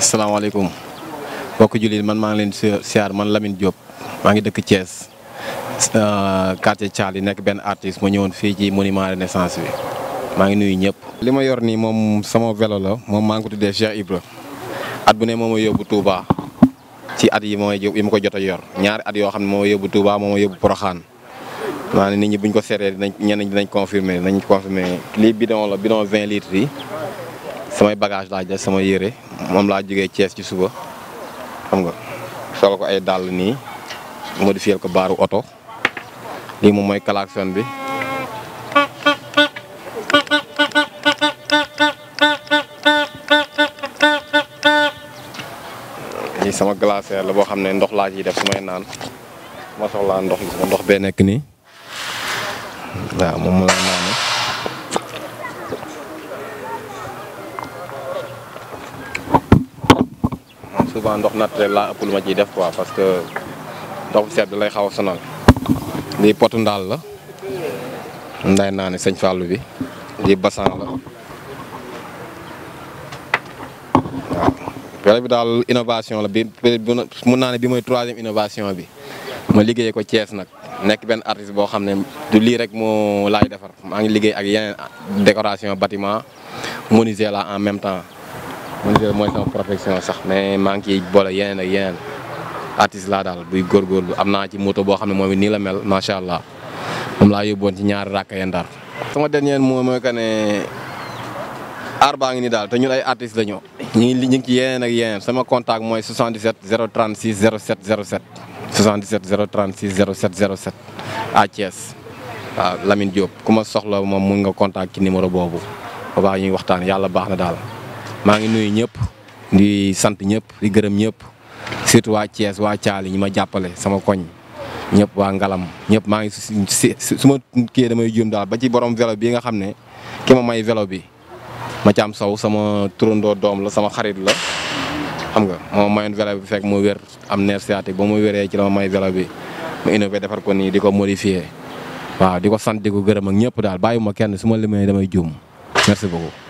asalaamaaleykum mbokk jullit man maa ngi leen di siyaar man Lamine Diop maa ngi dëkk Thiès euh, quartier Thiali nekk benn artiste ma ñëwoon fii ci monument renaissance bi ngi nuyu ñëpp. li ma yor nii moom sama vélo la moom maa ngi ko tuddee Cheikh Ibra at bu ne moom ma yóbbu Touba ci at yi moo yi ma ko jot a yor ñaari at yoo xam ne moo ma yóbbu Touba moo ma yóbbu Poroxaan maa ne nit ñi buñ ko seetee dinañ ñenn ñi nañ confirmer dinañ confirmer lii bidon la bidon 20 litres yi. samay bagage laa jël sama yére mom mau jógee ties ci suba xam nga solo ko ay dal ni modifier ko baru auto li mom moy klaxon bi ni sama glacière la bo xam ne ndox laa ciy def su nan ma soxla ndox gis nga ndox souvent ndox naturel laa ëpp lu def quoi parce que ndox bu sedd lay xaw a sonal. lii potu ndaal la nday naa ne sëñ Fallou bi lii la waaw bi daal innovation la bi mun naa ne bi mooy troisième innovation bi ma liggéeyee ko Thiès nag nekk benn artiste boo xam ne du lii rek moo laay defar maa ngi liggéey ak yeneen décoration bâtiment menuisier la en même temps man je moy sama profession sax mais manki bolé ciy ak yeneen artiste la dal buy gor gor amna ci moto bo xamné momi ni la mel ma sha allah mom la yobone ci ñaar rakk ya ndar. sama dernier mo moy kané ar aar baa ngi nii daal te ñun ay artiste lañu ñi ñu ngi ci yeneen ak yeneen sama contact moy 77 036 07 07 77 036 07 07 à Lamine Diop kuma ma soxla moom mun nga contact ci numéro bobu bu ñi waxtaan yalla baax na daal. maa ngi nuyu ñëpp di sant ñëpp di gërëm ñëpp surtout waa Thiès waa Thiali ñi ma jàppale sama koñ ñëpp waa Ngalam ñëpp maa ngi si su ma kii damay juum daal ba ci borom vélo bi nga xam ne ki ma may vélo bi ma ci am sow sama turandoo doom la sama xarit la xam nga moo mayoon vélo bi fekk mu wér am nerf sciatique ba mu wéree ci la ma may vélo bi ma innové defar ko nii di ko modifié waaw di ko sant di ko gërëm ak ñëpp daal bàyyiwuma kenn su ma limee damay juum merci beaucoup.